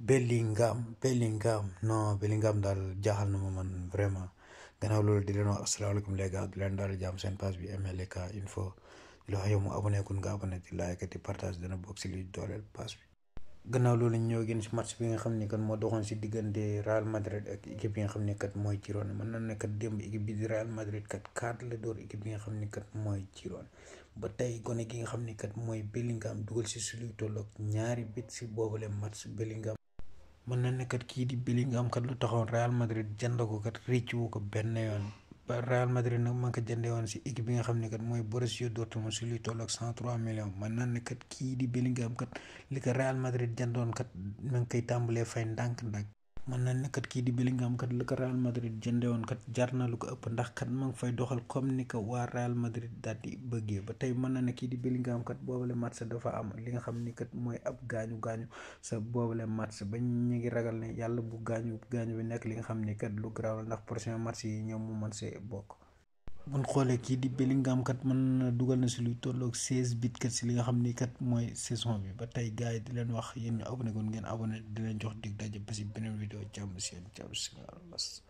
Bellingham Bellingham non Bellingham daal jaaxal na ma man vraiment gannaaw loolu di leen wax asalaamaaleykum les gars di leen daal jàmm seen page bi MLK info di la wax yow mu abonné kun nga abonné di like di partage dana bokk si li dooleel page bi. gannaaw loolu ñoo gën si match bi nga xam ni kat moo doxoon si diggante Real Madrid ak équipe yi nga xam ni kat mooy Girona mën na ne kat démb équipe bi di Real Madrid kat kaat la door équipe bi nga xam ni kat mooy Girona ba tey gone gi nga xam ni kat mooy Bellingham dugal si su luy tolloog ñaari bit si boobule match Bellingham. mën na nekkat kii di Bellingham kat lu taxoon Real Madrid jënd ko kat rëcc wu ko benn yoon ba Real Madrid nag man ko jëndee woon si équipe bi nga xam ne kat mooy Borussia Dortmund si luy toll ak cent trois millions mën na nekkat kii di Bellingham kat li ko Real Madrid jëndoon kat na nga koy tàmbalee fay ndànk-ndànk. mën na ne kii di Bellingham kat lu ko Real Madrid jëndee woon kat jar na lu ko ëpp ndax kat ma ngi fay doxal comme ni ko waa Real Madrid daal di bëggee ba tey mën na ne kii di Bellingham kat boobale match dafa am li nga xam ni kat mooy ab gaañu gaañu sa boobale match ba ñu ngi ragal ne yàlla bu gaañu gaañu bi nekk li nga xam ni kat lu garaaw ndax prochain match yi ñoom mu mën see bokk. buñ xoolee kii di Bellingham kat mën na dugal na si luy tolloog 16 bit kat si li nga xam ni kat mooy saison bi ba tey gars yi di leen wax yéen ñu abonné goon ngeen abonné di leen jox dig daje ba si beneen vidéo jàmm si yéen jàmm si